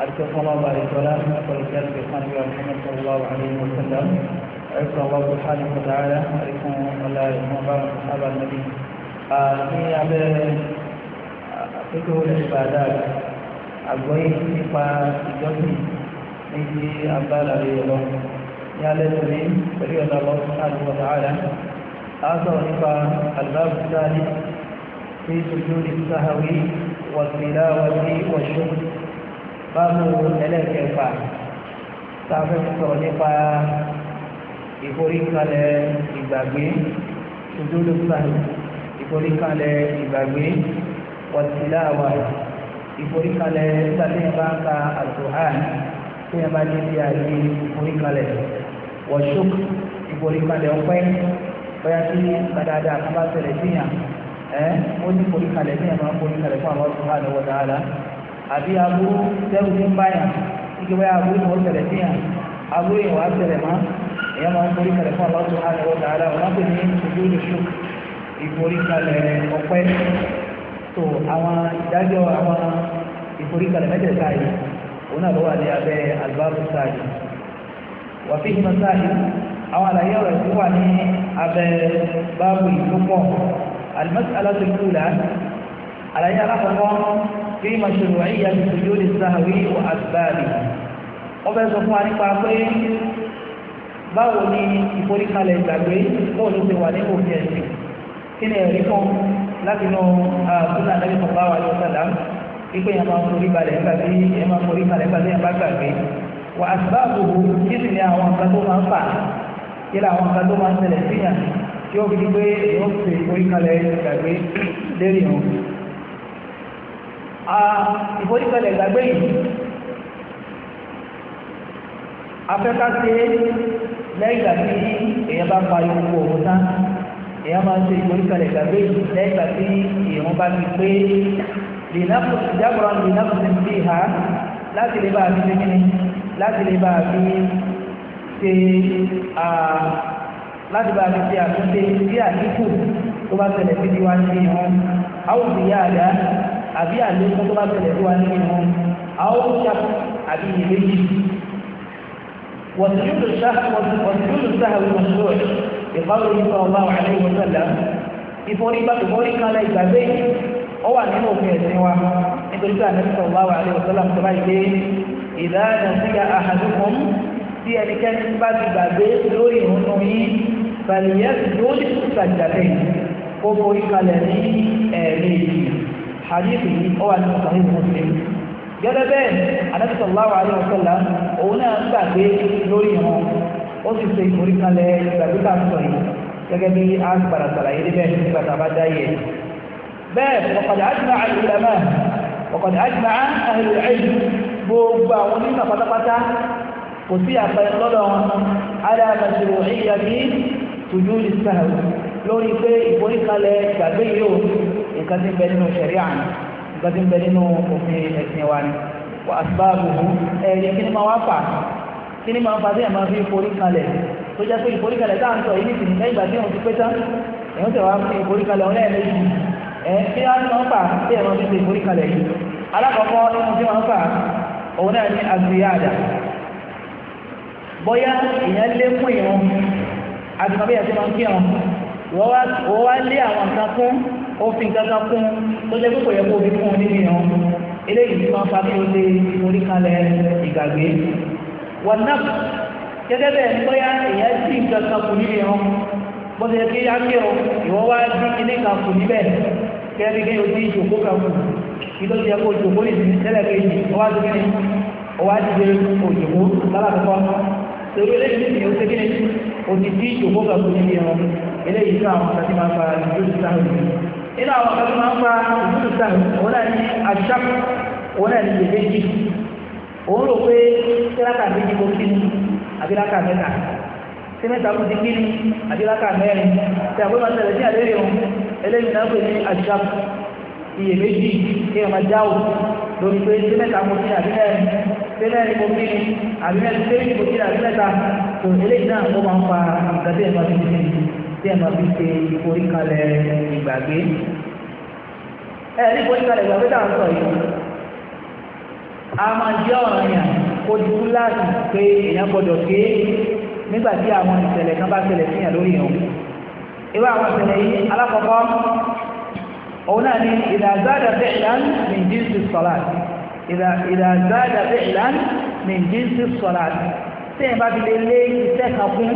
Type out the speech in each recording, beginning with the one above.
àdìsọ́ fọlọ́ ọba àdìsọ́lá pẹ̀lú àti ìfọ̀n ìwà Muhammad sallallahu alayhi wa sallam àdìsọ́ ọba buhari kọ̀dára àdìsọ́ ọ̀la ìmọ̀ba sábà nàbí. ní abẹ́ àpéjọ ìbàdà àgbọ̀yé nípa ìjọ́sìn ní ti abala rẹ̀ lọ ní alẹ́ tóbi pẹ̀lú ọ̀la ọba buhari kọ̀dára àásọ̀ nípa àlùbáàbù sáà في سجود السهو والتلاوة والشكر báàmù ẹlẹ́ẹ̀kẹfà tá a fẹ́ sọ̀rọ̀ nípa ìforíkalẹ̀ ìgbàgbé ìdúrósàn ìforíkalẹ̀ ìgbàgbé wàtíláwà ìforíkalẹ̀ sàtẹ́yìn bá ń ka àtúhàn tí a bá ní ti àyè ìforíkalẹ̀ wọ̀ṣọ́k ìforíkalẹ̀ ọ̀pẹ́ bóyá tí kàdáadáa kan bá tẹ̀lé síyàn ẹ́ ó ní ìforíkalẹ̀ ní ẹ̀ máa ń foríkalẹ̀ fún àwọn ọ̀ṣun àbí aburú tẹ́rù ti ń báyà ike báyà aburú ni wọ́n tẹ̀lẹ̀ sí yàn aburú yẹn wàá tẹ̀lẹ̀ mọ́ èèyàn máa ń forí kalẹ̀ fún Allah subhanahu wa ta'ala wọn pè ní ojú oṣù ìforí kalẹ̀ ọ̀pẹ́ tó àwọn ìdájọ́ àwọn ìforí kalẹ̀ mẹ́tẹ̀ẹ̀ta yìí òun náà ló wà ní abẹ́ albabu sáàdì wà fi hìmọ̀ sáàdì àwọn àlàyé ọ̀rọ̀ tó wà ní abẹ́ báàbù ìlú pọ̀ al-mas'alatu al àlàyé alákọ̀ọ́kọ́ fi mashru'iyyati sujudi sahwi wa asbabi wọ́n fẹ́ sọ fún wa nípa pé báwo ni ìforíkalẹ̀ ìgbàgbé bó ló ti wà ní òfin ẹ̀sìn kí ni ẹ̀rí kan láti nù àbúlà lẹ́yìn tó bá wà ní ọ̀sán ipe yẹn máa ń forí balẹ̀ nígbà tí yẹn máa ń forí balẹ̀ nígbà tí yẹn bá gbàgbé wà asbabu kí sì ni àwọn nǹkan tó máa ń fà kí ni àwọn nǹkan tó máa ń ṣẹlẹ̀ síyàn tí ó fi di pé yóò forí kalẹ̀ ìgbàgbé lérí wọn a ìforíkọlẹ̀ ìgbàgbé yìí afẹ́ká ṣe lẹ́yìn ìgbà tí èèyàn bá parí owó òun tán èèyàn máa ń ṣe ìforíkọlẹ̀ ìgbàgbé yìí lẹ́yìn ìgbà tí èèyàn bá ti pé ìjábọ̀ra ìnáfọ̀sí sí ìhà láti lè bá a fi kíni láti lè bá a fi ṣe láti bá a fi ṣe àtúnṣe sí àdínkù tó bá ṣẹlẹ̀ sí iwájú ìhàn áwùjọ ìyá àdá àbí àlékún tó bá tẹ̀lẹ̀ tó wá nínú wọn àwọn ṣá àbí ìléyìí wọ̀sílù ṣá wọ̀sílù sáhàwì mọ̀ṣúrò ìfọwọ́ ìfọ̀ ọba wà ní ìwọ̀sọ̀lá ìfọ̀rí bá ìfọ̀rí kalẹ̀ ìgbàgbé ọ wà nínú òfin ẹ̀sìn wa nítorí pé àlẹ́ sọ̀rọ̀ wà wà ní ìwọ̀sọ̀lá tó bá yẹ ìdáná sí àhàdùkùn tí ẹnikẹ́ni bá ti gbàgbé lórí ìrúnnú yín bàlìyẹ́ lórí ìsàjàdé kó forí kalẹ̀ ní ẹ̀ẹ́mẹ́jì hadith yìí ó صحيح nínú sahih muslim gẹ́gẹ́ bẹ́ẹ̀ anabi sallallahu alayhi wa sallam òun náà ń gbàgbé lórí wọn ó sì ṣe ìforíkalẹ̀ ìgbàgbé tá a sọ yìí gẹ́gẹ́ bí a ń padà sàlàyé níbẹ̀ nígbà tá a bá dá yẹ. bẹ́ẹ̀ ọ̀kadà àjùmọ̀ àlùlámà ọ̀kadà àjùmọ̀ àhìlú ẹ̀yìn gbogbo àwọn onímọ̀ pátápátá kò sí àpẹẹrẹ lọ́dọ̀ wọn alábàṣirò ìyàbí tùjú ìsáhùn lórí pé ìforíkalẹ̀ ìgbàgbé yìí nǹkan tí ń bẹ nínú ṣẹ̀ríà ni nǹkan tí ń bẹ nínú òfin ẹ̀sìn wa ni wà á bá gbogbo ẹ̀rí kí ni máa wá fà kí ni máa fà sí ẹ̀ma fi forí kalẹ̀ tó jẹ́ pé ìforí kalẹ̀ táà ń sọ yìí nìsín lẹ́yìn ìgbà tí òun ti pé tán èèyàn tẹ̀ wá fi ìforí kalẹ̀ òun lẹ́ẹ̀mejì ẹ̀ kí ni máa fà sí ẹ̀ma fi ìforí kalẹ̀ yìí alákọ̀ọ́kọ́ inú tí máa fà òun náà ní àgbéyàdà bóyá èèyàn lé fún èèyàn àti màbẹ́yà tí máa ofin kankan fún tó jẹ́ pípọ̀ yẹ kó omi fún un nínú eléyìí máa fa bí o ṣe orí kalẹ̀ ìgbàgbé wọn náà gẹ́gẹ́ bẹ́ẹ̀ bóyá èèyàn sì kankan kù nínú ìran bó ṣe kí á kí o ìwọ wá sí ilé kan kù níbẹ̀ kẹ́rí kí o ti ìjòkó kan kù kí ti yẹ kó o jòkó lè tẹ́lẹ̀ kejì òjòkó torí eléyìí nínú àwọn akẹ́kọ̀ọ́ máa ń fa ìlú ìsàn òun náà ní aṣáàpù òun náà o ìgbèjì òun rò pé tíráka méjì kò kí ni àbíláka meta, tí mẹ́ta kò ti kí ni àbíláka mẹ́rin tí àgbẹ̀ máa tẹ̀lé ní àlérè òun eléyìí o pè ní aṣáàpù iyèméjì kí ẹ máa jáwò lórí pé tí mẹ́ta kò kí ni àbí mẹ́rin tí mẹ́rin kò kí ni àbí mẹ́rin tí mẹ́rin kò kí ni àbí mẹ́ta tó eléyìí náà ó máa ń fa ìgbàdé ẹ̀ tí ẹ máa fi ṣe ìforíkalẹ̀ ìgbàgbé ẹ ní ìforíkalẹ̀ ìgbàgbé tá à ń sọ yìí a máa jẹ́ ọ̀ràn yàn kó dúró láti pé èèyàn gbọ́dọ̀ ké nígbà tí àwọn ìṣẹ̀lẹ̀ kan bá ṣẹlẹ̀ sí yàn lórí yàn irú àwọn ìṣẹ̀lẹ̀ yìí alákọ̀ọ́kọ́ òun náà ni ìdàgbàdà fi'lan min jinsi salat ìdàgbàdà fi'lan min jinsi salat tí ẹ bá fi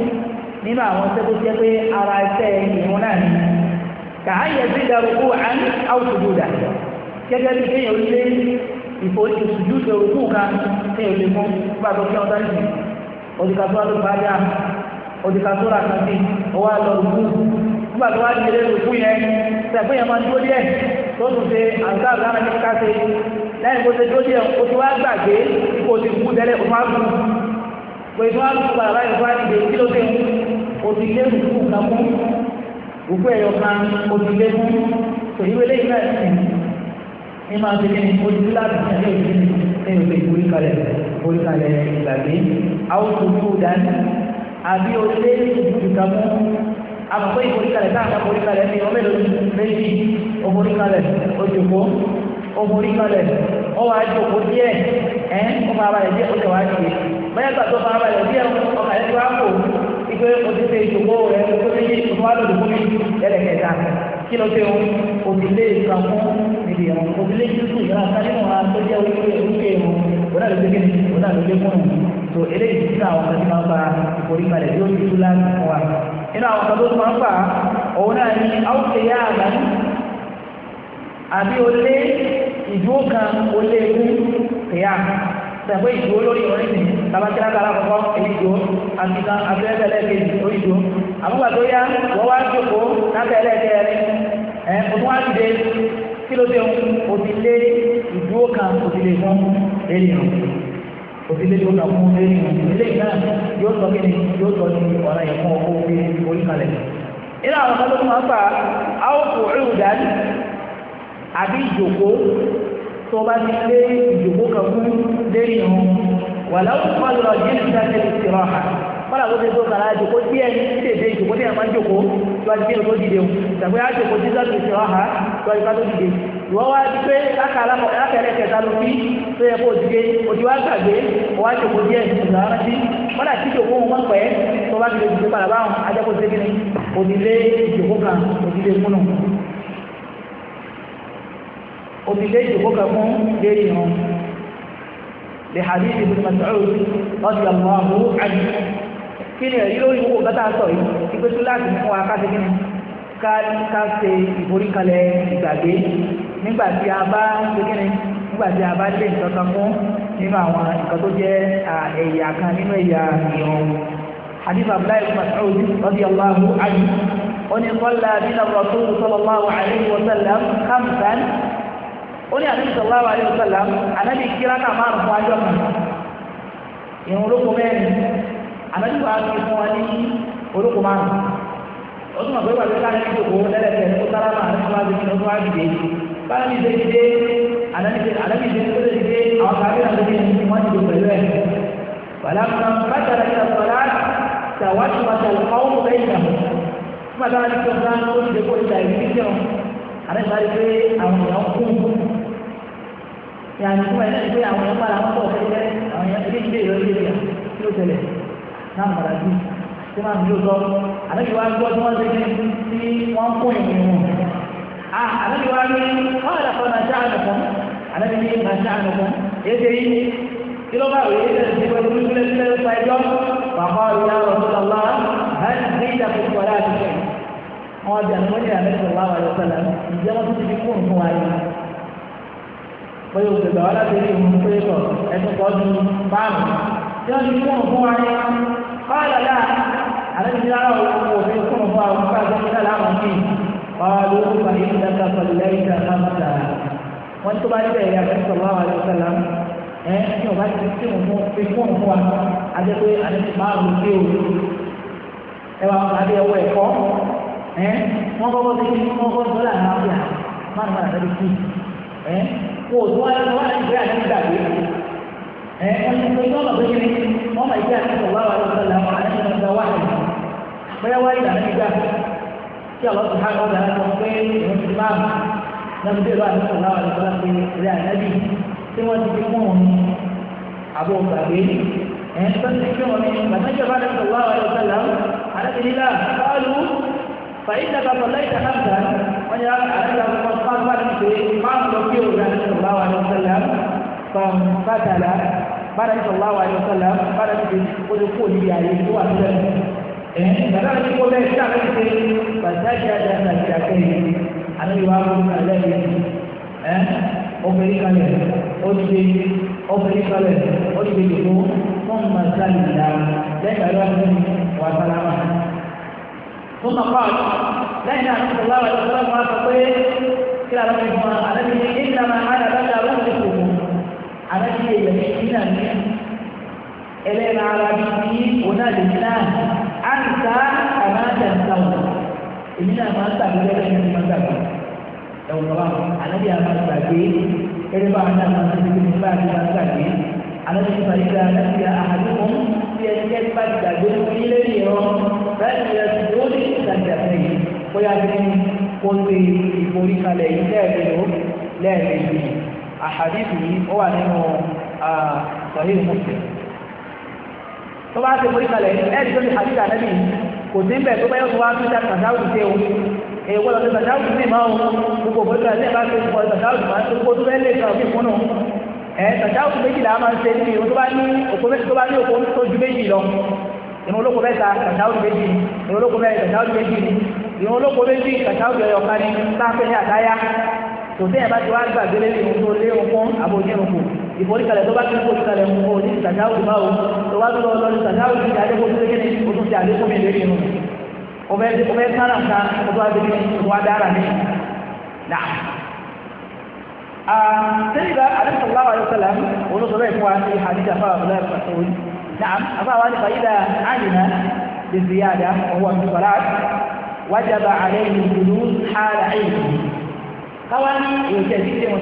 nínú àwọn tẹ́ tó jẹ́ pé ara ẹsẹ̀ ìrún náà ni kàáyẹ sí darúgbó àní àwùjọ dà gẹ́gẹ́ bí kéèyàn ó lé ìfò ìṣùjú ìṣòrùkú kan kéèyàn lè mú nígbà tó kí wọn dá sí òdìkà ló bá dá òdìkà kan sí ọwọ́ àlọ́ nígbà tó wà ní ilé òkú yẹn sẹ́fún yẹn máa dúró díẹ̀ tó tún ṣe àǹtá àgbára ní káṣe lẹ́yìn kó ṣe dúró díẹ̀ o ti wá gbàgbé kó o ti kú tẹ́lẹ̀ o máa kú pé tó wà lóko bàbá o ti lé rúkú kan mú rúkú ẹ̀yọ kan o ti lé mú tòyí wọlé yìí náà sì ní máa ti ní o ti lé láti ṣe ẹ̀yọ sí ẹ̀yọ sí ìwé kalẹ̀ orí kalẹ̀ ìgbàgbé àwọn tuntun dání àbí o lé rúkú kan mú àpapọ̀ ìforí kalẹ̀ táàkà forí kalẹ̀ ní ọmọ èlò méjì oforí kalẹ̀ ojòkó oforí kalẹ̀ ọwọ́ àjòkó díẹ̀ ẹ́ ọmọ abalẹ̀ díẹ̀ ó tẹ̀wá ìgbé òtítẹ́ ìdòwò rẹ̀ tó ní ìfowópamọ́ ìdòwò mi ẹlẹ́kẹta kí ló dé o òtítẹ́ ìkan fún ìdí ẹ̀rọ òtítẹ́ ìdúkù ìyára sálímù ara tó jẹ́ oríṣi ìrúkẹ́ ìrù òdà ló gbégé òdà ló lékún nù tó eléyìí nínú àwọn kan tí máa ń fa ìforíkalẹ̀ tí ó ti tú láti fún wa nínú àwọn kan tó máa ń fa òun náà ni àwùjọ yá àgbà àbí olé ìdúró kan olé ikú kìyà sẹ̀gbẹ́ ìdúró lórí orin ní tabakiraka alákọ̀ọ́kọ́ èyí dúró àfihàn abẹ́rẹ́bẹ̀rẹ́ kejì orí dúró àmúgbà tó yá wọ́n wá jókòó lábẹ́rẹ́ kẹrin ẹ̀ o tún wá dìde kí ló dé òbí lé ìdúró kan òbí lè fún eré hàn òbí lé ìdúró kan fún eré hàn ilé náà yóò sọ kí ni yóò sọ ní ọ̀nà yẹn fún ọkọ̀ òbí orí kalẹ̀ nínú àwọn ọmọdé tó máa ń fà á tó bá ti lé ìjòkó kan fún lẹ́yìn wọn wà láwọn fún àlọ́ yìí ní sáà tẹ̀lé ti rọ̀hà fọlá kó tẹ tó kàrà àjòkó díẹ̀ ní tètè ìjòkó tí a máa ń jòkó tó a ti kéde tó dìde o tàbí àjòkó tí sáà tẹ̀lé ti rọ̀hà tó a ti ká tó dìde ìwọ wá ti pé lákàlẹ̀ kẹta ló fi tó yẹ kó dìde òtí wá gbàgbé wá jòkó díẹ̀ ìgbà rántí fọlá tí jòkó wọn pẹ́ tó bá ti lè dìde padà báwọn ajá kó tẹ́ kí ni òdìlé ìjòkó kan òdìlé múnà òbí dé ìjòkó kan fún dé ìran lè hadith ibn Mas'ud radiyallahu anhu kí ni èyí lórí gbogbo gbàtà sọ yìí ìgbé tó láti fún wa káṣe kí ni ká ká ṣe ìforíkalẹ̀ ìgbàgbé nígbà tí a bá ṣe kí ni nígbà tí a bá lé nǹkan kan fún nínú àwọn nǹkan tó jẹ́ ẹ̀yà kan nínú ẹ̀yà ìrọ̀rùn hadith abdullahi ibn Mas'ud radiyallahu anhu ó ní qala bina ar-rasul sallallahu alayhi wa sallam khamsan ó ní àdúgbò sallallahu alaihi wasallam ànábì kíráka márùn fún ajọ́ kan ìrùn olóko mẹ́rin ànábì wàá fi fún wa ní olóko márùn ó tún mọ̀ pé wàá fi ká ní ìdòkó lẹ́lẹ́kẹ̀ ó sára máa ní wàá fi ní ọdún wàá dìde bára mi ṣe dìde ànábì ṣe ànábì ṣe tó lè dìde àwọn kàbí náà lóde ní wọ́n ti dò pẹ̀lú ẹ̀ wàlámùnà bàtàlà ìṣàkọlá tàwátì wàtàlà ọ̀hún bẹ́ẹ̀ yà fún àtàlà ìṣàkọlá ó ti dè kó ìṣàkọlá àrẹ yàrá fún ẹ lẹ́yìn pé àwọn yẹn padà wọ́n bọ̀ fẹ́fẹ́ àwọn yẹn ebi ìdílé yọrí lórí ẹ̀ kí ló tẹ̀lẹ̀ náà mọ̀ra sí tí máa mi ló sọ àlejò wa gbọ́ tí wọ́n ṣe kí tí wọ́n kó ìrìn wọn. àlejò wa ní wọ́n yàrá fún nàṣà ànàkùn àlejò ní nàṣà ànàkùn èdè yìí kí ló bá rò yé ẹsẹ̀ tí wọ́n ti kúlẹ̀ sílẹ̀ ló fa ẹjọ́ wàhọ́ ìyá rọ̀tọ́lá hàn ní ìdàkùnkùn ọ̀rẹ́ àti pé ògbègbè wa láti rí ìmú pé tọ̀ ẹtún kọ́ ju báàmù tí wọ́n ti fún òun fún wa ní báàlà dáa àlejò ara òun kò fi fún òun fún àwọn fún àgbẹ̀ nígbà láwọn kì í ọ̀rọ̀ ló ń fa yìí dáta pẹ̀lú lẹ́yìn dáta mọ́ta wọ́n tó bá dẹ̀ ẹ̀yà fẹ́ sọ̀rọ̀ àwọn àlejò sọ̀rọ̀ ẹ̀ ní ọba ti fi fún òun fi fún òun fún wa àjẹ́ pé àlejò márùn-ún dé òru ẹwà wọn àbí ẹwọ ẹ̀kọ́ ẹ̀ kò tó wáyé wọn láti gbé àti gbàgbé ẹ wọn ti sọ ìjọba tó kéré wọn máa gbé àti sọ̀rọ̀ àwọn ọ̀sán làwọn àti ọ̀sán wà ní bóyá wáyé ìlànà ìgbà tí àwọn ti hàn ọ̀dà sọ pé ìwọ̀n ti máa mú lọ́dún bí ìlú àti sọ̀rọ̀ àwọn ọ̀sán ti rí ànábì tí wọ́n ti fi mú wọn àbò gbàgbé ẹ̀ ń tọ́jú kí wọ́n ní fàyín dàgbà tọ̀lá ìjà náà dà wọ́n yà àdúrà wọn máa bá ní pé máa lọ bí òun náà sọ̀rọ̀ bá wà ní sọ̀lá fàm bàtàlà bàtà ní sọ̀rọ̀ bá wà ní sọ̀lá bàtà ní pé ó lè kó òní ààyè tó wà sílẹ̀ ẹ̀ bàtà ní kó bẹ́ẹ̀ sí àlọ́ ìpè bàtà ìjà àjà àjà kẹ́yìn àná ìwà àbúrò àlẹ́ yìí ẹ̀ obìnrin tó máa bá àjọ lẹ́yìn náà ní sọ̀rọ̀ àwọn ọ̀dọ́ máa sọ pé kí la lọ́ọ́ ìmọ̀ àlẹ́bí ní kí la máa hàn àbájá àwọn ọ̀dọ́ kò mọ̀ àlẹ́bí èèyàn ní kí náà ní ẹlẹ́ra ara bí ní òun náà lè ní náà á ń ta àmà àtẹ̀síta wọn èmi náà máa ń tàbí lẹ́yìn ní ìmọ̀ tàbí ẹ̀wọ̀n wa àlẹ́bí àmà gbàgbé ẹ̀rẹ́ bá àná àmà tẹ̀síta wọn bá àti ẹnikẹ́ni bá ti gbàgbé fún yín lé ìran láti yẹ kí ó lè ìtajà sẹ́yìn bóyá ní kó ṣe ìforíkalẹ̀ yìí lẹ́ẹ̀mejò lẹ́ẹ̀mejì àhàdìsì yìí ó wà nínú sọ̀hìn mùsùlùmí. tó bá ṣe ìforíkalẹ̀ ẹ̀rí tó ní àdìsì ànábì kò sí bẹ́ẹ̀ tó bá yóò tó wá tún jáde kàdáwùdì tẹ́ o èèwọ̀ lọ́sẹ̀ kàdáwùdì sì ẹ tàṣáwùkù méjìlá máa ń ṣe níbi ìrun tó bá ní òkú tó bá ní òkú tó ju méjì lọ ìrun olóko mẹ́ta tàṣáwùkù méjì ìrun olóko mẹ́rin tàṣáwùkù méjì ìrun olóko méjì tàṣáwùkù ẹyọ kan ní sáfẹ́ ní àtáyá tòtẹ́ ẹ̀ bá ti wá gbàgbé lé ìrun tó lé òun fún àbójúrùnkù ìforíkalẹ̀ tó bá ti kó ìkalẹ̀ òun òní tàṣáwùkù báwo tó bá tó lọ lọ tàṣáwùkù ti adékòó tó kéde ó tún ti adékòó mi lé ìrun òun bẹ́ẹ̀ sára kan ó tó wá gbé ní ìrun adára mi. سيدنا عليه الصلاة والسلام ونصر إخوان في حديث أخوة عبد الله المسعود نعم أخوة فإذا علم بالزيادة وهو في الصلاة وجب عليه الجلوس حال علمه káwáni èyí tẹ̀ sí ṣe wọn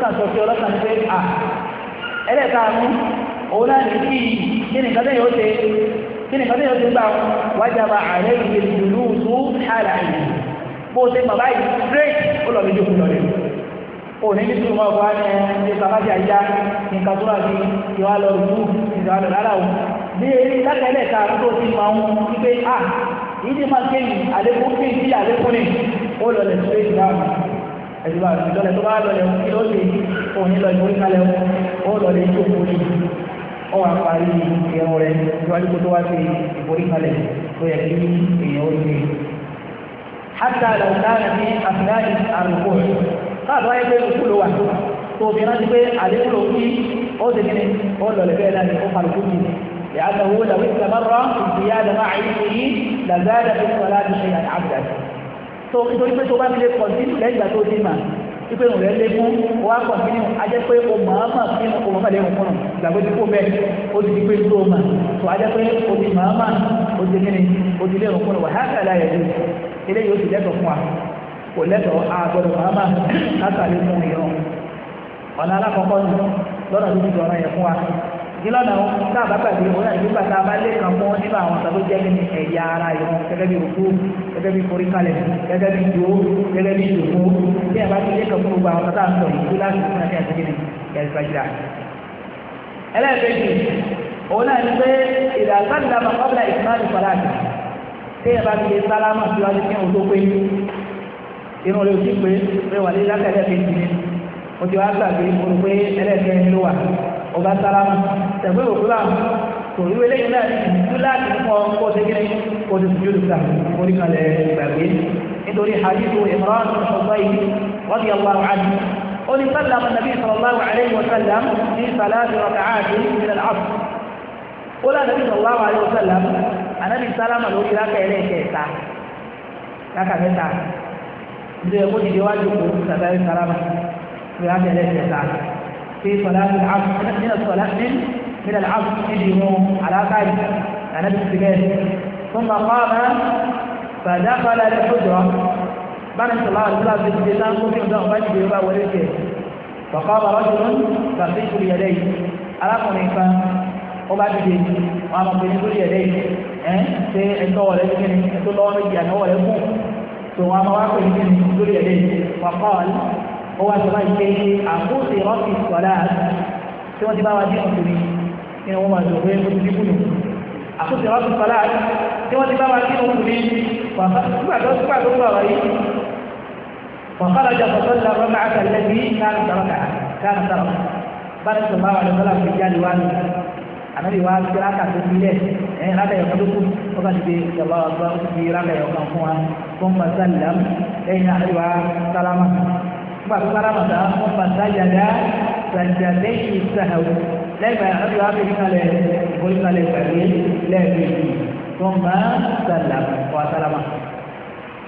sáré eré ìlú mú òun náà ní bíi kí ni kọ́tẹ́ yóò ṣe kí ni kọ́tẹ́ yóò ṣe gbà wájàba ààrẹ ìwé ìlú ìlú hàlà ìlú bó ṣe bàbá yìí straight ó lọ méjì òkú lọlẹ̀ òní ní sùn máa wá ní ẹni bàbá ti àyíká ní kàtúrà sí ìwà lọ rú ìwà lọ rárá o ah, ìjọlẹ̀ tó bá lọlẹ̀ òun kí ló ṣe ní lọ ìmúríkalẹ̀ òun ó lọlẹ̀ ìjókòó wọ́n wá parí ẹ̀rọ rẹ̀ níwájú kó tó wá sí ìborí kalẹ̀ tó yẹ kí èèyàn ó ṣe. hátà làwùtára ní àfihàn àrùkù rẹ̀ káàdọ̀ ayé pé òkú ló wà tó fi rántí pé àlékún ló kí ó ṣe kíni ó lọlẹ̀ bẹ́ẹ̀ láti ó kàlùkù jì لأنه لو استمر الزيادة مع علمه لزاد في الصلاة شيئا عبدا. تو إذا كنت تبغى تقول لي ليس تو ipe òun rẹ̀ lékún o wá kàn nínú ajẹ́ pé o màámà nínú o màámà lẹ́hùn fún un ìgbàgbé tí kò bẹ́ẹ̀ o ti di pé tó o mà tó ajẹ́ pé o ti màámà o ti nínú o ti lẹ́hùn fún un wà á kà láyé lé eléyìí o ti lẹ́tọ̀ fún wa kò lẹ́tọ̀ àgbọ̀dọ̀ màámà látàlẹ́ fún ìran ọ̀nà alákọ̀ọ́kọ́ lọ́dọ̀ tó ti dọ̀rọ̀ yẹn fún wa nílọ́nà tá a bá pàdé òun náà nígbà tá a bá lé kan fún nínú àwọn tó jẹ́ nínú ẹ̀yà ara ìrun gẹ́gẹ́ bí òkú gẹ́gẹ́ bí foríkalẹ̀ gẹ́gẹ́ bí ìjó gẹ́gẹ́ bí ìjòkó bí a bá ti lé kan fún gbogbo àwọn tó tà ń sọ ìlú láti fún àti àti gíní ẹ̀ẹ́dẹ́gbàjìlá. ẹlẹ́ẹ̀kejì òun náà ní pé ìdàgbàsílẹ̀ àmọ́ kọ́bílà ìsìnmáàlì fọláàtì tí ẹ bá ti lè sálámà síwájú kí òun tó pé inú rẹ̀ ò sí pé pé wà lé lákàtà kejì ni mo ti wá gbàgbé mo rò pé ẹlẹ́ẹ̀kẹ́ ni ló wà ọba sálámù tẹ̀gbẹ́ òkúlà torí wẹ́lẹ́ yìí náà ìdú láti kọ́ kó ṣe kí kó ṣe sùjúdù ká orí kalẹ̀ gbàgbé nítorí hadithu Imran ọ̀sọ́yì wọ́n ti yàgbọ́ àwọn àdì ó ní sálámù nàbí sallallahu alayhi wa sallam ní sàlámù raka'ati min al-'asr ó lá nàbí sallallahu alayhi wa sallam ànábì sálámù lórí rákà ẹlẹ́kẹ̀ẹ́ta rákà mẹ́ta ìdúró ẹ̀kọ́ ti di wájú kó sàbẹ̀rẹ̀ sálámù lórí rákà ẹlẹ́kẹ̀ẹ́ta في صلاة العصر من الصلاة من من العصر يجيهم على قائد على ابن ثم قام فدخل الحجرة بنى صلى الله عليه وسلم في الجنان وفي عندهم مجد يبا وليكه فقام رجل فقيت بيديه أراكم إنفا وبعد ذلك وأما قيت بيديه ṣe ẹ̀tọ́ wọlé ní kíni ẹ̀tọ́ lọ́wọ́ méjì àná wọlé fún tòun àmọ́ wá pè ó wá sọ báyìí pé àkóso ìrọ́pì sọ̀lá tí wọ́n ti bá wa dín ọ̀tún ni wọ́n máa lò pé ó ti dínkù nù àkóso ìrọ́pì sọ̀lá tí wọ́n ti bá wa dín ọ̀tún ni nígbà tó gbà wáyé وخرج فصلى الركعة التي كانت ركعة كانت ركعة بعد صلى الله عليه وسلم في جال والد anabi wa ti raka tó fi lẹ ẹ raka yọ kọdókù ó ti di ìjọba ọgbà ó ti fi raka yọ kan fún wa fún masalam lẹ́yìn anabi wa sálámà nígbà tó bára màtá wọn bàtà yàrá gbàgbà lẹ́yìn ìsàhàwù lẹ́gbàá àbí wàá fi kalẹ̀ ìbòlí kalẹ̀ gbàgbé lẹ́ẹ̀mejì tó má sàlàmù wà sàlàmà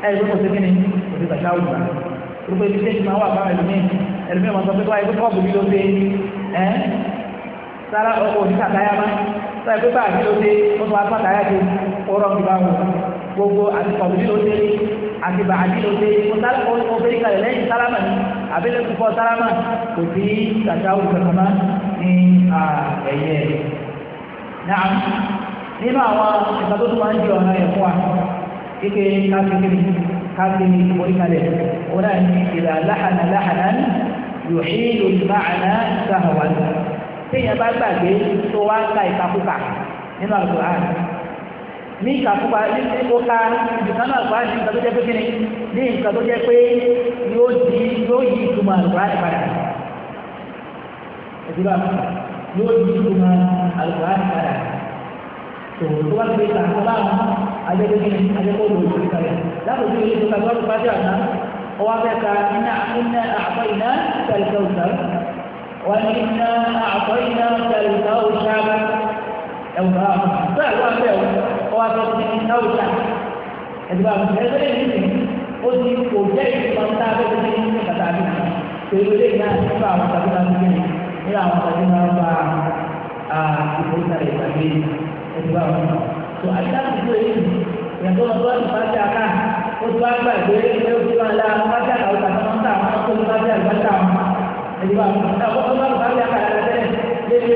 ẹ̀rí kò sí kíni kò sí bàtà òwúrọ̀ rúbọ ibi tí ma wà fáwọn ẹlòmíì ẹlòmíì ma sọ pé wáyé kókó ọ̀bùnmí ló dé ẹ́ sára ọkọ̀ òní kàkáyà má sára pé báàgì ló dé ó tún wá pàtàkì ọ̀rọ̀ ìbáwò gbogbo àti bàálí ló dé mo fẹ́ kalẹ̀ lẹ́yìn sálámà ni àbílẹ̀ tó fọ́ sálámà kò sí tàṣàwù kankan ní ẹ̀yẹ rẹ̀. Nàá nínú àwọn ìgbà tó tún máa ń di ọ̀nà ẹ̀fọ́ wa ike káfíńkiri káfíńkiri orí kalẹ̀ òun náà ní ìlà láhànà láhànà yòóhí lòdì máàná sáhàwá. Téèyàn bá gbàgbé tó wá ń ka ìtakùkà nínú àlùkò àná ní ìkàkúba ní ó ká ìdùnnú àgbà ní nǹkan tó jẹ́ pé kíni ní nǹkan tó jẹ́ pé yóò di yóò yí ìtumọ̀ àgbà padà ẹ̀dùnú àgbà yóò yí ìtumọ̀ àgbà padà tó tó wá sí ìkàkúba àwọn ajẹ́pé kíni ajẹ́pé olùkọ́ ìkàlẹ̀ lábòjú ilé tó kàkúba tó bá dé àná ọwọ́ abẹ́ ka iná iná àpá iná tẹ̀lifẹ̀ òṣà wọ́n ní iná àpá iná tẹ̀lifẹ̀ òṣà ẹ̀wọ̀n bá wá sọ fún mi náà wùdà ẹ̀dùbà ẹ̀dùbà yìí ni ó ti kò jẹ́ ìdúgbò tá a bẹ fún mi ní bàtà mi pẹ̀lú ilé ìyá nípa àwọn tàbí náà fún mi nípa àwọn tàbí náà bá a ìbò ìtàlẹ̀ ìtàgé ẹ̀dùbà wọn. tó àyíká ti dúró yìí ìyàtọ̀ wọn tó ti fàájà ká ó tó àgbà ìgbé ẹgbẹ́ ó ti máa la fàájà àwọn tàbí wọn tà wọn tó fàájà ìgbàtà wọn ẹ̀dùbà wọn. ẹ̀dùbà wọn tó fàájà kàlà lẹ́sẹ̀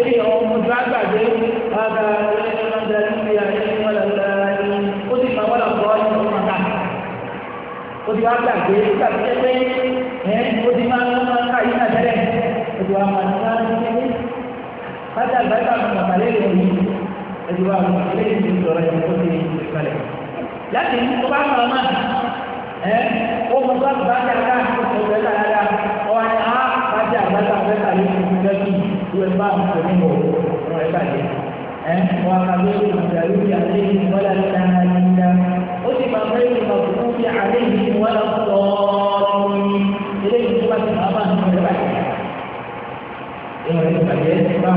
lé wàlà láàyè ó sì máa wàlà bọ́ ìlú wọn ká ó ti wá gbàgbé nígbà tó jẹ́ pé ẹ ó ti máa ń máa ká yín àtẹ́rẹ́ ó ti wá máa ń máa ń tẹ́lẹ̀ bájà àgbàgbà mi màmá lélẹ̀ yìí ó ti wá máa ń lélẹ̀ yìí sọ̀rọ̀ yìí ó ti lè kalẹ̀ láti tó bá máa máa ẹ ó mú bá bájà ká ó ti rẹ̀ lára ọ wá ní á bájà àgbàgbà mẹ́ta lé ní ìgbẹ́kì ìwé bá àwọn ọ̀rẹ́ bàjẹ́ وقبيل المغلوب عليهم ولا الناهين أتب غير المغلوب عليهم ولا الضالين إليه ثم الله من البعيد ìwọ̀n ní ìpàdé bá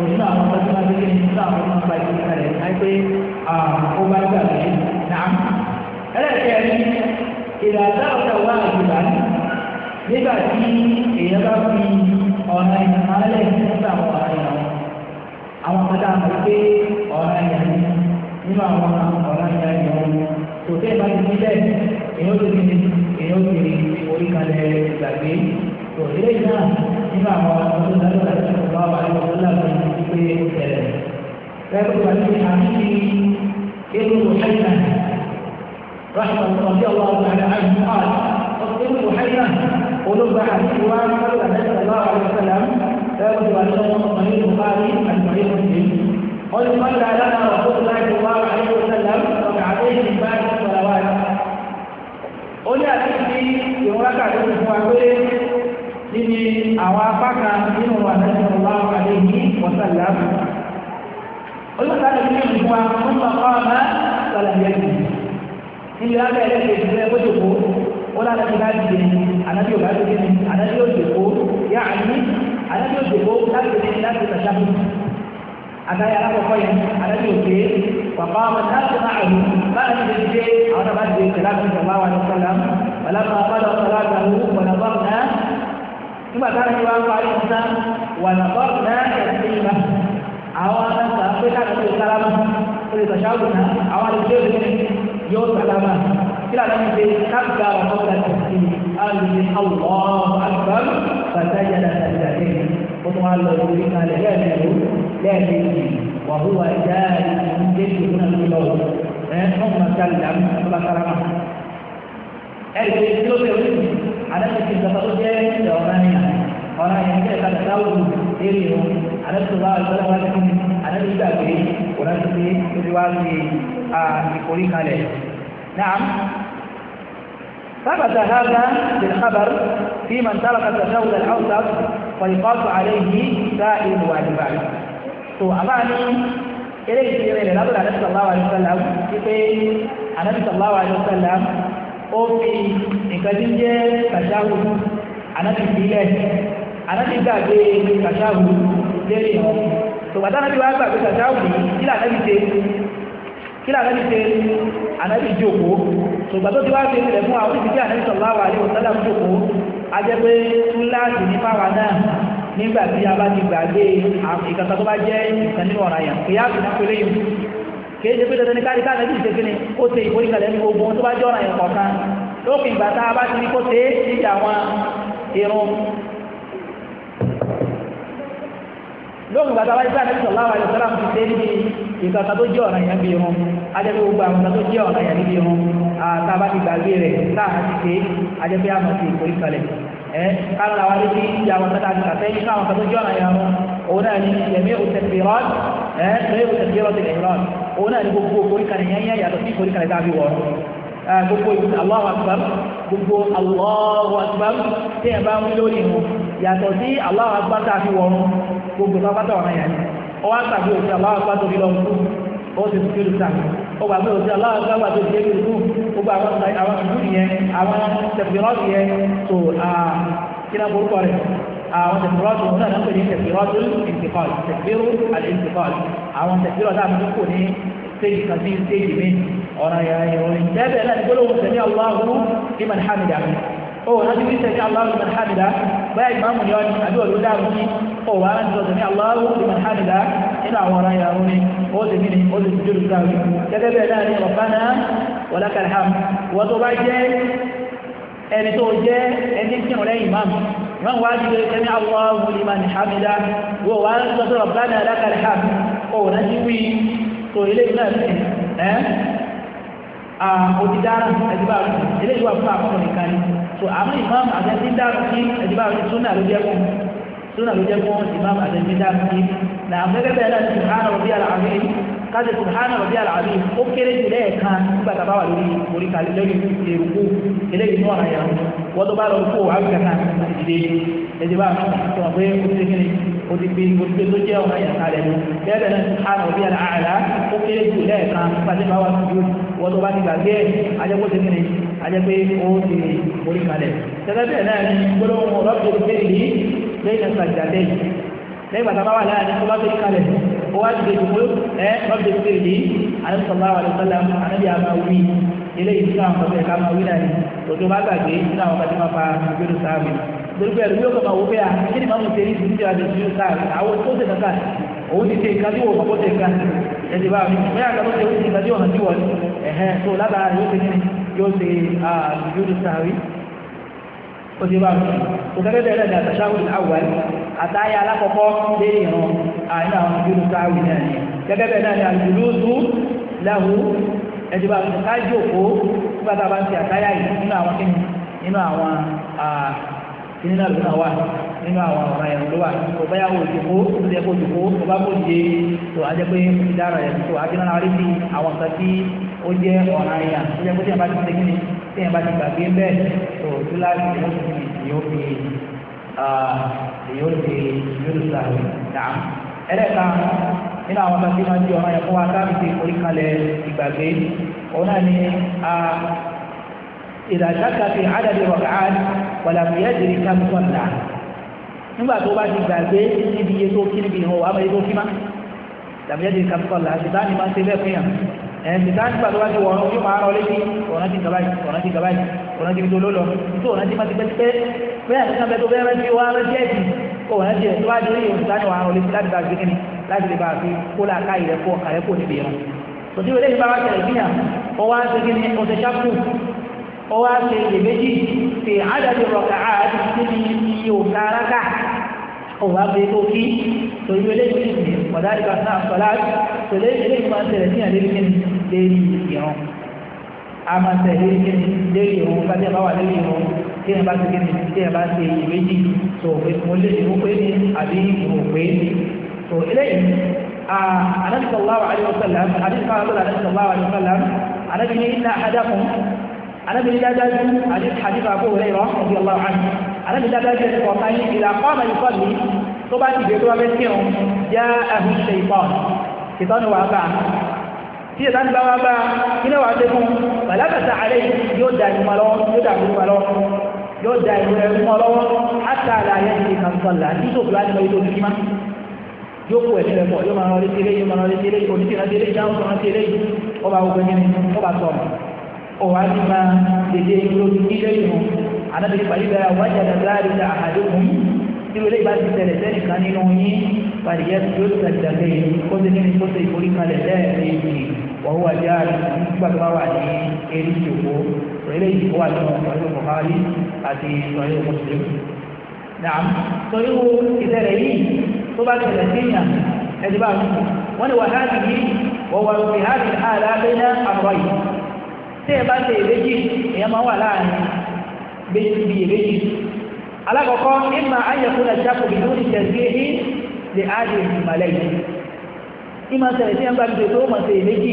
nínú àwọn ọmọ tí wọ́n ti ní nínú nígbà tí èèyàn bá fi ọ̀nà ìmọ̀lẹ́ nípa àwọn ọ̀rẹ́ àwọn ọmọdé àmọ́ pé ọ̀ràn ẹ̀yà ni nínú àwọn ọ̀ràn ẹ̀yà ẹ̀yà wọn kò tẹ́ ìbá ti nílẹ̀ èyí ó ti ní èyí ó ti ní orí kalẹ̀ ìgbàgbé kò sílẹ̀ náà nínú àwọn ọmọdé dájọ́ àti ọ̀gá wa ní ọdún láti ní pé ó tẹ̀lẹ̀ fẹ́ẹ́ wà ní àmì kéwù ọ̀hẹ́nà rahma ọ̀dí ọ̀wọ́ àgbà àìsàn ọ̀dí ọ̀hẹ́nà olóògbé àti ìwà فيقول بأنه صحيح البخاري عن صحيح مسلم قل صلى لنا رسول الله صلى الله عليه وسلم ركعتين من بعد الصلوات قل يا سيدي يوم ركعت الاسبوعين لني أوافق منه النبي صلى الله عليه وسلم قل كان منه ثم قام فلم يكن ilé abẹ́ ẹlẹ́gbẹ̀ẹ́ ìdílé ẹgbẹ́ tó kó ó lára ti bá dìde ànábì ò bá dìde ànábì ò dìde kó yá àní àdájọ òjòkó láti ní láti tàṣàbù àtàyà alákọ̀ọ́kọ́ yẹn àdájọ òkè wàpá ọmọ láti máa àrùn báyà ti di pé àwọn náà bá ti di kẹlá fún ìjọba wa ní sọlá wàlá máa bá lọ sọlá àgbàlú wàlá bá ọ̀nà nígbà táwọn ti wá ń parí sísá wàlá bá ọ̀nà ẹ̀sìn ìgbà àwọn aláǹtà pé káàkiri ó sálámà ó lè tàṣàbù náà àwọn àlejò yóò sálámà kí alùpùpù àwọn àgbàlù bàtà yàrá tàbí ó tún wá lọ orí kalẹ̀ lẹ́ẹ̀mẹ́rin lẹ́ẹ̀mejì wà hùwà jáde ní kéèké náà ló lọ ẹ ọmọ sáré dàmú ọba karama ẹ lè tí ó lè rí adájọ́ ti sọ fún jẹ́ ìjà ọ̀rá nìyà ọ̀rá yẹn jẹ́ ìkàtà táwọn èrè o adájọ́ wa ìgbàlá wa ti fún adájọ́ ìgbàgbé ọ̀rá ti fi ó ti wá lè ìforí kalẹ̀ náà. ثبت هذا بالخبر في من ترك التشهد الأوسط ويقاس عليه سائر الواجبات تو أباني إليه سيرين لنظر على صلى الله عليه وسلم يقول النبي صلى الله عليه وسلم ó fi nǹkan tí ń jẹ́ kàṣáwù ànábì ìbílẹ̀ ànábì gbàgbé kàṣáwù lérí ìwọ̀n tòbátà ànábì wá gbàgbé kàṣáwù yìí kí lè ànábì ṣe ànábì jókòó ṣùgbọ́n tó ti wá ṣe ilẹ̀ fún wa orí ìdíje ànábì sọ̀rọ̀ láwà ní òtẹ́lẹ̀ jókòó a jẹ́ pé túláàsì ní fáwa náà nígbà tí a bá ti gbàgbé ìkàtà tó bá jẹ́ ìkan nínú ọ̀ràn yẹn kìí àfi náà pélé yìí kìí ṣe pé dandan ní káàdì káàdì ìṣe kíni ó ṣe ìforíkalẹ̀ ní gbogbo tó bá jẹ́ ọ̀ràn yẹn kọ̀ọ̀kan lókè ìgbà tá a bá ti ní kó ṣe é lóògùn gbàtà wáyé sáà nẹ́bí sọ̀lá wáyé sọ́lá fi ṣe níbi nǹkan kan tó jẹ́ ọ̀nà yẹn bí irun ajẹ́pẹ́ gbogbo àwọn nǹkan tó jẹ́ ọ̀nà yẹn níbi irun àtàbá ti gbàgbé rẹ̀ sáà ti ṣe ajẹ́pẹ́ àmọ̀ sí ìkórè kalẹ̀ ẹ káàlà wáyé sí ìyá àwọn nǹkan tàbí kàfẹ́ nínú àwọn nǹkan tó jẹ́ ọ̀nà yẹn rún òun náà ni ẹ̀mí òtẹ̀fìrọ́n ẹ̀ lẹ́yìn òtẹ̀fìrọ́n ti lè rán òun náà ni gbogbo ìkórè kalẹ̀ yẹn yẹn yàtọ̀ sí ìkórè gbogbo pápátá ọ̀ràn yà ni ó wá tàbí òsì aláwọ̀ pátó fi lọ fún ó sì fi kéde sáà ó wà pé òsì aláwọ̀ pátó tó fi kéde fún gbogbo àwọn àwọn ìlú yẹn àwọn tẹ̀síọ́ọ̀tì yẹn tó kíná orúkọ rẹ̀ àwọn tẹ̀síọ́ọ̀tì òun náà lọ́pẹ̀ ní tẹ̀síọ́ọ̀tì ìntìkọ́ọ̀lì tẹ̀síọ́ọ̀tì àlẹ́ntìkọ́ọ̀lì àwọn tẹ̀síọ́ọ̀tì àti kò ní séjì kan sí ó wọ́n ti fi sẹ́yìn Allahu liman hamida báyà ìmáàmù yọ ni àbí òlú dáàbò ní ó wà á ti sọ sẹ́yìn Allahu liman hamida nínú àwọn ọ̀rọ̀ ìyàwó ni ó ti mí ni ó ti dúró dáàbò gẹ́gẹ́ bẹ́ẹ̀ náà ni rabbana wa lakal hamd wọ́n tó bá jẹ́ ẹni tó jẹ́ ẹni tí ó lẹ́yìn ìmáàmù ìmáàmù wá ti sẹ́yìn Allahu liman hamida wọ́n wá òdìdára ẹ̀dìbà rẹ̀ eléyìí wà fún àkọ́kọ́ nìkan ni so àmọ́ ìmáàmù àtẹ̀síńdára sí ẹ̀dìbà rẹ̀ súnà ló jẹ́ fún súnà ló jẹ́ fún ìmáàmù àtẹ̀síńdára sí nà gẹ́gẹ́ bẹ́ẹ̀ náà subhana rabbi al-azim káṣe subhana rabbi al-azim ó kéré jù lẹ́ẹ̀kan nígbà tá a bá wà lórí orí kalẹ̀ lórí èrùkú eléyìí náà yà wọ́n tó bá lọ kó àgbẹ̀ kan ìdílé ẹ̀dìbà rẹ̀ sọ̀rọ̀ pé ó ti odìgbì odìgbì tó jẹ́ ọ̀nà ìyàká rẹ̀ mú bẹ́ẹ̀ náà sùhánà òbí àlàálá ó kéré jù lẹ́ẹ̀kan pàṣẹ bá wà síbi wọ́n tó bá ti gbàgbé ẹ̀ ajẹ́pọ̀ ti kiri ajẹ́pẹ́ ó ti orí kalẹ̀ tẹ́lẹ̀ bẹ́ẹ̀ náà ni gbólóhùn ọlọ́pẹ̀ tó bẹ́ẹ̀ yìí lẹ́yìn sàjàdẹ́ lẹ́yìn bàtà bá wà láàrin tó bá tó kalẹ̀ ó lórúkọ ẹ̀rù yóò kọ̀ọ̀kan wò pé à kí ni màá mú tẹ̀lé ìdílé àti ìdílé káàkiri àwọn tó ṣe kankan òun ti ṣe nǹkan tí wò kọ́kọ́ ṣe nǹkan ẹ̀sìn bá mi bóyá àgbà tó ṣe oṣù nǹkan tí wọ́n ti wọ̀ ni ẹ̀hẹ́n tó látara yóò ṣe kí ni yóò ṣe àdúgbò sáré ó ti bá mi kò kẹ́kẹ́ bẹ́ẹ̀ lẹ́nu àtàṣáwùn àwọn àtàyà alákọ̀ọ́kọ́ lé ìran àìní àwọn àdúgbò sáré náà ni gẹ́gẹ́ bẹ́ẹ̀ náà ni àdúgbò tó láhu ẹ̀sì bá mi ká nígbà tá a bá ń ṣe àtàyà yìí nínú àwọn kí nínú àwọn nínú àlùfáà wà nínú àwọn ọ̀rọ̀ ẹ̀rọ ló wà ọba yà wò jòkó ọba yà wò jòkó ọba kò jẹ tó a jẹ pé o ti dára ẹ̀ tó a jẹ náà rí bí àwọn nǹkan tí ó jẹ ọ̀rọ̀ ẹ̀yà tó jẹ pé tí a bá ti ṣe kíni tí a bá ti gbàgbé bẹ́ẹ̀ tó tó láti ṣe ó ti yóò fi yóò fi yóò fi sàrò dà ẹlẹ́ka nínú àwọn nǹkan tí wọ́n ti ọ̀rọ̀ yẹn fún wa káàbí ti orí kalẹ̀ ìgbàgbé òun wàlàmùyẹ́ dèrè kámsọ̀ là nígbà tó bá ti gbàgbé níbi iye tó kí níbi ìhàn wà á mọ iye tó kí má wàlàmùyẹ́ dèrè kámsọ̀ là ṣùgbọ́n ni máa ń ṣe bẹ́ẹ̀ fún yàn ẹ̀ẹ́n ti dáhùn nígbà tó bá ti wọ̀ ọ́n yóò máa rọ létí ọ̀nà ti gàbáyì ọ̀nà ti gàbáyì ọ̀nà ti fi tó lọ́lọ́ nítorí ọ̀nà ti máa ti pẹ́ pẹ́ bẹ́ẹ̀ àti sábẹ́ tó bẹ́ẹ̀ rẹ́ ti wá rẹ́ ọwọ́ ṣe lè méjì ṣe àdàbí ọ̀rọ̀kà àti síbi iye òǹkà aráka ọ̀wọ́ abẹ́ tó kí torí eléyìí ti sìn ọ̀dà ìgbà náà sọ̀lá tòlé eléyìí máa tẹ̀lé sí àlè kíni lérí ìrún a máa tẹ̀lé kíni lérí ìrún bá tẹ̀ bá wà lérí ìrún kí ẹ bá ti kíni kí ẹ bá ṣe iye méjì tó pé mo lè ìrún pé ní àbí ìrún pé ní tó eléyìí àdàbí sọ̀lá wà àdàbí sọ̀lá àdàbí sọ̀lá wà àdàbí sọ̀lá àdàbí ní ilá àdàkùn arábìnrin dájájú àdìbò àbò rẹ̀ ìrọ̀ ọ̀hún ọ̀dí ọlọ́run àmì arábìnrin dájájú ẹni kọ̀ọ̀kan yìí ìlà kọ́ọ̀mà yìí kọ́ mi tó bá ti gbèrú ọbẹ̀ sí òun yá ẹ̀hún ṣe ìpọ̀ ìtọ́nu wàá bá tí ìtàn bá wá bá kí náà wàá dé fún bàlákàtà àlẹ́ yóò da ìmọ̀ lọ́wọ́ yóò da ìmọ̀ lọ́wọ́ yóò da ìmọ̀ lọ́wọ́ hátà àlàyé ti kàn sọ̀lá títò fúlàní lọ́wọ́ yóò fi má yóò kó ẹ̀sìn pọ̀ yóò máa rán létí eléyìí máa rán létí eléyìí oníṣẹ́ rán eléyìí dáhùn rán létí eléyìí ọba ogun yẹn ọba sọ̀rọ̀ ọ̀wá ti máa dèdè lórí ilé ìrùn anábìrì pàdébà wájà dàgbàrí ta àhàdókùn tí wọlé ìbá ti tẹ̀lẹ̀ sẹ́nì kan nínú yín pàdéyà tí ó ti tẹ̀lẹ̀ lẹ́yìn ó ti ní kó ṣe ìforí kalẹ̀ lẹ́ẹ̀mejì wọ́n wà já nígbà tó bá wà ní eré ìṣòwò rẹ̀lẹ́ ìṣòwò àti ọ̀rẹ́ Bukhari àti ọ̀rẹ́ Muslim. Nàám torí wo ìṣẹ̀lẹ̀ yìí tó bá tẹ̀lẹ̀ síyàn ẹ̀dí bá wọ́n ni wà láti yìí wọ́n wà lórí tẹ́yẹ bá ṣe èméjì èèyàn máa wà láàrin méjì bí èméjì alákọ̀ọ́kọ́ ìmọ̀ ayẹ̀kúnlẹ̀ jákòbí lórí tẹ̀síhí lè áàdì ìmọ̀lẹ̀ yìí ìmọ̀ sẹ̀rẹ̀ tí ẹ̀ ń bá gbé tó mọ̀ sí èméjì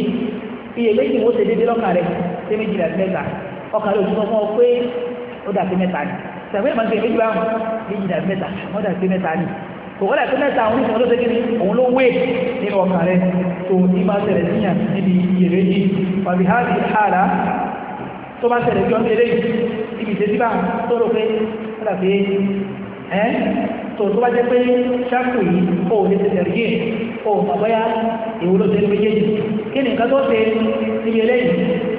iyèméjì wo ṣe déédéé lọ́kàn rẹ̀ ṣé méjì mẹ́ta ọkàn rẹ̀ òṣùwọ̀n fún ọ pé ó dà sí mẹ́ta ni sàfẹ́ kòkòrò àti mẹ́ta àwọn oníṣẹ́ ló tẹ́kiri òun ló wé nínú ọkà rẹ̀ tó ní bá tẹ̀rẹ̀ síyàn níbi ìyèrè yìí pàbí ha bí hàrá tó bá tẹ̀rẹ̀ jọ mẹ́rẹ̀ ibi ìtẹ́síbà tó rò pé látàfẹ́ ẹ́ tó tó bá jẹ́ pé ṣáàkù yìí ó lè tẹ̀rẹ̀ yìí ó bàbáyá èwo ló tẹ̀rẹ̀ méjèèjì kí ni nǹkan tó ṣe níbi eléyìí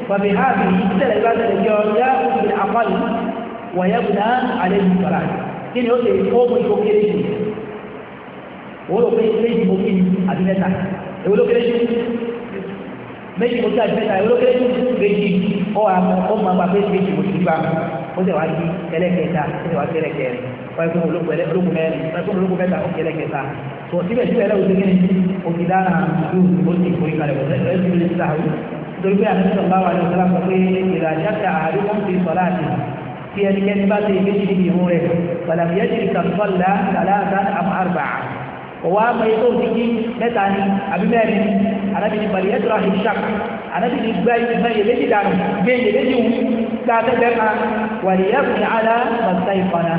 pàbí ha bí tẹ̀rẹ̀ bá tẹ̀rẹ̀ jọ yá òkùnrin àpá yìí wàyá gbìnà àlejò sọ̀rọ̀ wọ́n rò pé méjì mo kí àbí mẹ́ta èwo ló kéré jù méjì mo kí àbí mẹ́ta èwo ló kéré jù méjì ọ àmọ́ ọ máa gbà pé méjì mo kí bá ó sì wá di ẹlẹ́kẹta ó sì wá di ẹlẹ́kẹrin wọ́n fún ológun ẹlẹ́ ológun mẹ́rin wọ́n fún ológun mẹ́ta ó sì ẹlẹ́kẹta tó síbẹ̀síbẹ̀ ẹlẹ́ òsèké ni òsì dára àdúró ó sì forí kalẹ̀ nítorí pé àtúntò bá wà ní ọ̀sán láti sọ pé ìràṣàkà àdúgbò ń fi sọ̀rọ̀ àti tí ẹnikẹ́ni bá ti méjì níbi ìhun rẹ̀ pàdàmìyẹ́jì kàtúfọ́lá kàláàtà àmọ́ àrùbà ọwọ́ àmọ́ ètò òdìkí mẹ́ta ni àbí mẹ́rin anábì ní balẹ̀ ẹ̀dùn àhìn ṣak anábì ní gbá ìyè méjì dànù gbé ìyè méjì wù gbàgbẹ́gbẹ́ kan wà ní ẹ̀kùn àlá màtá ìfọ̀nà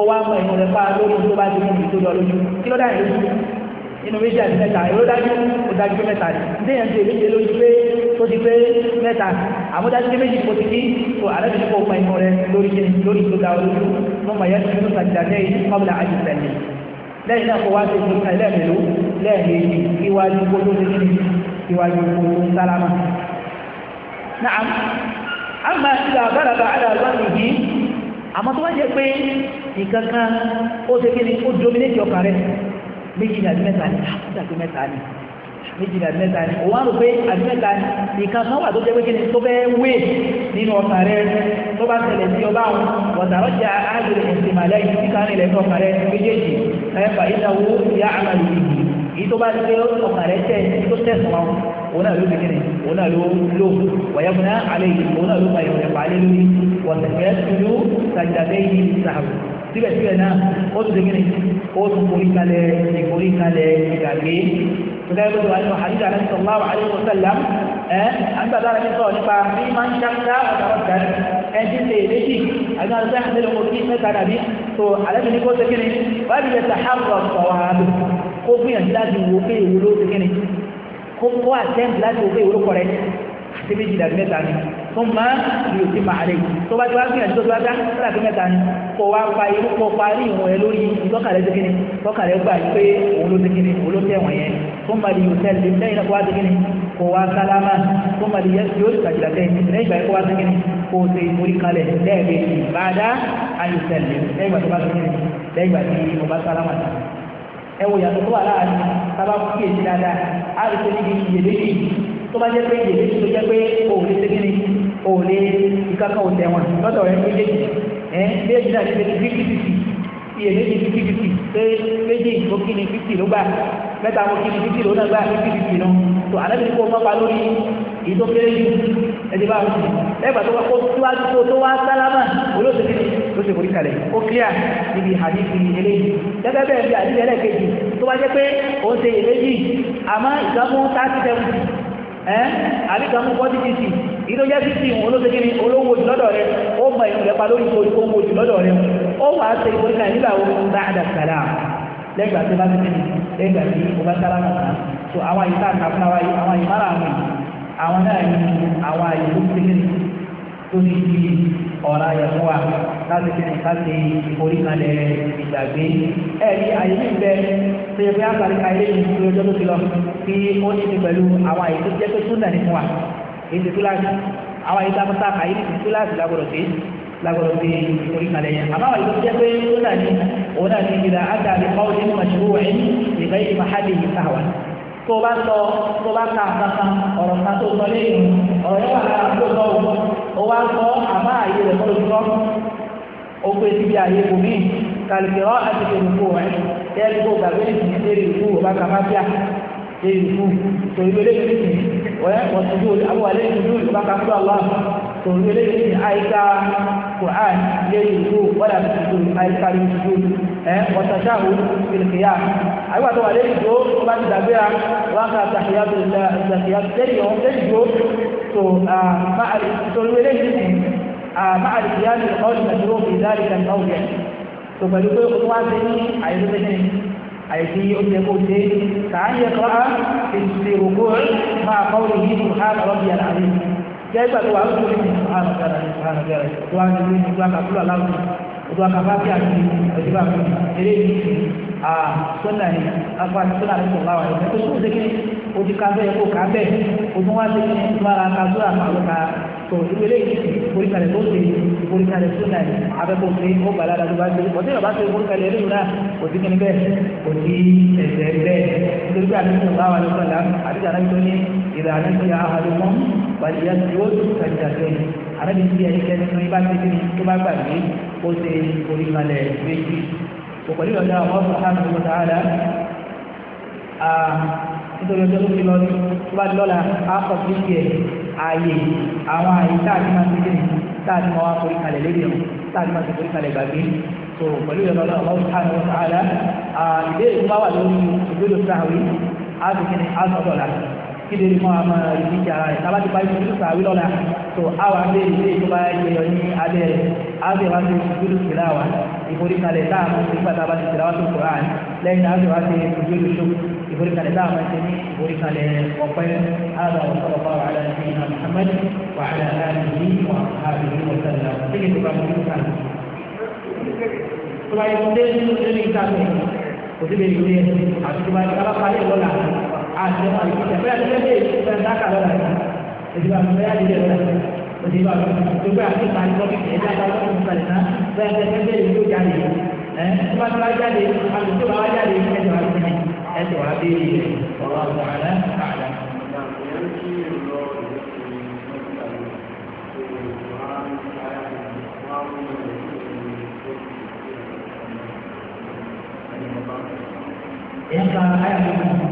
ọwọ́ àmọ́ ìmọ̀ rẹ̀ fà lórí tó bá ti mú ìtò lọ lójú kí ló dá ìlú inú méjì àti mẹ́ta ìlú dájú ó dájú mẹ́ta ni déyàn ti èméjì lójú pé tó ti pé mẹ́ta àmúdájú méjì kò ti kí tó alábìsí kò mọ ìmọ̀ lórí tó dá lójú mọ́ lẹ́yìn náà kó wá sí fún ẹlẹ́mẹ̀lú lẹ́ẹ̀mejì iwájú kó tó ti iwájú kó tó ń sálámà. Naam, àmà ìgbà àbáraba àdàlọ́nì yìí, àmọ́ tó wá jẹ́ pé nǹkan kan ó ṣe kí ni ó dominate ọkàn rẹ̀ méjì ní àdúmẹ́ta ni àkúndàgbé ah, mẹ́ta ni méjì ní àdúmẹ́ta ni òun á rò pé àdúmẹ́ta nìkan kan wà tó jẹ́ pé kí ni tó bẹ́ wé nínú ọkàn rẹ̀ tó bá tẹ̀lé sí ọba wọ̀tàrọ̀jà ágbèrè ẹ̀fà ìnáwó ìyá àmàlù yìí èyí tó bá dé ọkàn rẹ̀ tẹ̀ tó tẹ̀sán wọn òun náà ló fi kíni òun náà ló lò wọ̀yẹ́fúnná alẹ́ yìí òun náà ló fa ìròyìn pa alẹ́ lórí wọ̀tẹ̀kẹ́ tuntun sàjàdé yìí sàbù síbẹ̀síbẹ̀ náà ó tún ṣe ó tún forí kalẹ̀ ìforí kalẹ̀ ìgbàgbé gbogbo bí máa ń ṣàkóso àwọn ọ̀dọ́ ẹjí lè méjì àti àwọn sáà nílò kò kí mẹ́ta dàbí tó alẹ́bí ní kó ṣe kíni wáyé bí mẹ́ta hàbọ̀ sọ̀wọ́ àbí kó gbìyànjú láti wò pé ìwúlò ṣe kíni kó kó àtẹ́ǹtì láti wò pé ìwúlò kọ̀rẹ́ ṣe méjì dàbí mẹ́ta ni tó máa lè ti máa rẹ̀ tó bá ti wá gbìyànjú tó ti wá dá sílà tó mẹ́ta ni kó wá pa irú kó parí ìwọ̀n ẹ lórí ìtọ́kàlẹ̀ ti kíni tọ́kàlẹ̀ gbà pé òun ló ti kíni òun ló tẹ̀wọ̀n yẹn tó máa lè yóò tẹ̀lé lẹ́yìn náà kó wá ti kíni kó wá sálámà tó máa lè yóò ti kàjìlá tẹ̀ lẹ́yìn ìgbà kó wá ti kíni kó ṣe ìforí kalẹ̀ lẹ́yìn bá tó bá jẹ́ pé ìdílé tó jẹ́ pé òòlé tẹ́gínní òòlé ìkákan ò tẹ̀wọ̀n lọ́dọ̀ rẹ̀ méjèèjì ẹ̀ méjèèjì náà ti fi fífi fífi iye méjì fífi fífi pé méjì tó kí ni fífi ló gbà mẹ́ta mo kí ni fífi ló náà gbà fífi fífi lọ tó àlẹ́bí kó mọ́pa lórí èyí tó kéré jù ẹ̀dí bá wù lẹ́gbàá tó wá kó síwájú tó tó wá sálámà olóṣèlú kí ni ló ṣe forí kalẹ̀ ó kíá níbi àdìsí eléyìí gẹ́gẹ́ bẹ́ẹ̀ bí àdìsí ẹlẹ́ẹ̀kejì tó wá jẹ́ pé ó ń ṣe èléyìí àmọ́ ìgbàmú tá ẹ́ àríkà mú fọ́tí títì ìdójẹ́ títì olóṣèkiri olówó jù lọ́dọ̀ rẹ ó mọ ìlú rẹ pa lórí ìfòrí owó jù lọ́dọ̀ rẹ ó wà á ṣe ìfòrí náà nígbà wọn bá àdàkàrà lẹ́gbàá tó bá ti tẹ̀lé lẹ́gbàá tí ó bá sára mọ̀ náà so àwọn àyíká àkàfúnáwá àwọn àyíká àwọn náà ní àwọn àyíká tó ní ti ọ̀rá yẹn fún wa láti fi nìkan ṣe oríkanlẹ̀ ìgbàgbé. ẹ̀rí àyè mi bẹ tó yẹ pé àkàrí ayé mi ní ọjọ́ tó ti lọ kí ó ní ti pẹ̀lú àwọn àyè tó jẹ́ pé tó nà ní fún wa èyí ti kíláàsì àwọn àyè dáko sáà kàyé ti kíláàsì lágbọ̀dọ̀ sí lágbọ̀dọ̀ sí oríkanlẹ̀ yẹn. àmọ́ àyè tó jẹ́ pé tó nà ní òun náà ní ìlà àtàlí kọ́ọ̀dé màṣúwò tó bá sọ tó bá ka kankan ọ̀rọ̀ kan tó sọ lẹ́yìn ọ̀rọ̀ yẹn wà lára tó sọ òun ó wá ń kọ́ àmọ́ ààyè rẹ̀ mọ́lò tó ó pé síbi ààyè kò mí kàlùkìrọ́ àti kèlùkù rẹ̀ tẹ́lẹ̀ kó gbàgbé ìsìn lérí ìlú ọba kàmáfíà lérí ìlú tó ìlú eléyìí ìsìn wọ́n ti dúró àwọn àlejò ìlú ọba kàmáfíà wà tó ìlú eléyìí ìsìn àyíká Qur'an lérí ìlú wọ́n dàbí ìlú àyíká lérí ìlú ẹ̀ ọ̀tàṣà òun ìlùkìyà àyíká tó wà lérí ìlú ọba ti dàgbéra wákàtà ìyá so máa rí torí eléyìí ní máa rí ìyá mi ọ̀dùn àti owó fi dárí kan náà yẹ so pẹ̀lú pé o wá sí ní àyẹ̀lẹ́sẹ̀ àyẹ̀sí oúnjẹ kó ṣe kàá yẹ kọ́ á èsì òkú máa kọ́ orí yìí kò hàn ọ̀rọ̀ bíi àlàyé jẹ́gbà tó wà ó tóbi ní sùhánù bẹ̀rẹ̀ sùhánù bẹ̀rẹ̀ tó wà ní ní ìgbà kàkúrò aláwọ̀ ìgbà kàfáàfíà ti ẹ̀dínwá mi eré yìí ti sọ́nà ní afọ́ àti sọ́nà ní sọ̀rọ̀ àwọn ẹ̀dínwá tó sùn o ti ka bẹ́ẹ̀ kó ka bẹ́ẹ̀ o tún wá sí ní ìmọ̀ra ka tó àpàlù ka tó ìwélé ìforíkalẹ̀ tó ṣe ìforíkalẹ̀ tó nà abẹ́kọ̀ ṣe ó gbàlá dájú bá ṣe ọ̀tí ìrọ̀bá ṣe ìforíkalẹ̀ ẹlẹ́yìn náà kò sí kíni bẹ́ẹ̀ kò sí ẹ̀sẹ̀ bẹ́ẹ̀ nítorí pé àti ìṣòro àwọn àlejò ọ̀la àti ìjà anábìtó ní ìlà àlejò ya mọ́ bàjẹ́ tí ó ti ṣàjà sẹ́yìn anábì ti ẹni kẹ́ni tó bá ti kíni tó bá gbàgbé ó ṣe ìforíkalẹ̀ méjì òpòlì Ah, nítorí ọjọ́ tó fi lọ ní tó bá lọ́la ápọ̀ tó ti ẹ̀ ààyè àwọn ààyè táàdì máa ń gbé ní táàdì máa wá forí kalẹ̀ lórí ọ̀ táàdì máa ti forí kalẹ̀ gbàgbé tó pẹ̀lú ìrọ̀lọ́ ọlọ́run táàdì wọn sàálà ìbéèrè tó bá wà lórí ìgbélò sàáwí àtúnkìní àtọ̀dọ̀là kí lè mọ àwọn ìdíje ara rẹ̀ tábà ti parí ìgbélò sàáwí lọ́la tó àwọn abẹ́ ìdíje tó bá yẹ ìforíkalẹ̀ tá a máa ṣe nígbà tá a bá ti tẹ̀lé wá sí Quran lẹ́yìn náà ṣe wá sí ojúlù ṣó ìforíkalẹ̀ tá a máa ṣe ní ìforíkalẹ̀ ọ̀pẹ́ àgbà ọ̀sọ̀rọ̀pá wàhálà ní ìlànà Muhammad wàhálà aláàbí wà ábìlí wọ̀sálà kí ni tó bá mú nípa tó bá yẹ kó dé nínú ìtàkùn kò òsì bá tó gbé àti ìta ìtọ́ bíi ẹ̀dá ìta ìtọ́ bíi ìtàlẹ̀ náà bẹ́ẹ̀ tẹ́ tẹ́ bẹ́ẹ̀ yóò jáde ẹ̀ tó bá tó bá jáde àti tó bá wá jáde ẹ̀sẹ̀ wá sí ẹ̀sẹ̀ wá sí ọ̀rọ̀ àwọn àlẹ́ àlẹ́. Yang kaya itu,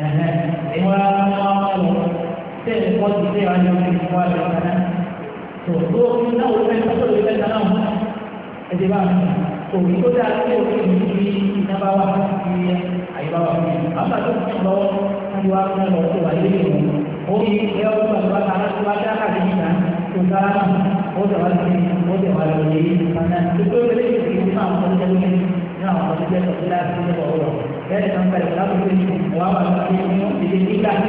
eh, eh, yang orang orang sẹ́ni wọ́n ti lé wájú ní ìfọ̀ àlọ́ kaná tó tó omi náà wọ́n fẹ́ tó lè fẹ́ kaná wọn ẹ̀dẹ̀ bá omi tó dáa sí omi yìí ní ìnáwó wa ní àyíká wa fún mi bàbá tó fi lọ́wọ́ ní wàá fún ẹ̀rọ tó wà lé ìwọ̀n omi ẹ̀ ọ́ tó wà lọ́wọ́ tó wà dáa kàdé níta tó ká ó dàwà sí ó dàwà lọ lé kaná tó tó lè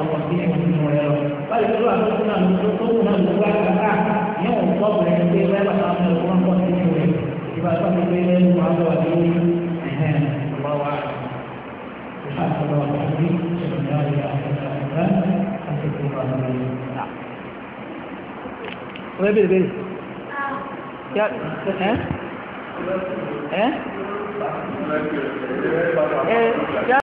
ọmọ ọmọ sí ẹ̀kọ́ nínú rẹ lọ. báyìí pẹ̀lú àtúntò náà ló tó wù náà ló wá kàkà yẹn ò tọ́ bẹ̀rẹ̀ pé bẹ́ẹ̀ bá wọn lọ wọn kọ́ sínú rẹ̀ ìgbà tó ti gbé lẹ́nu wọn lọ wà ní ẹ̀hẹ́n ọ̀wá wa. ìfàkọ̀lọ̀ àti ìṣẹ̀lẹ̀ àyà àyà àti ìfọ̀kànlẹ̀. ọ̀rẹ́ bèrè bèrè. ẹ́ ẹ́ ẹ́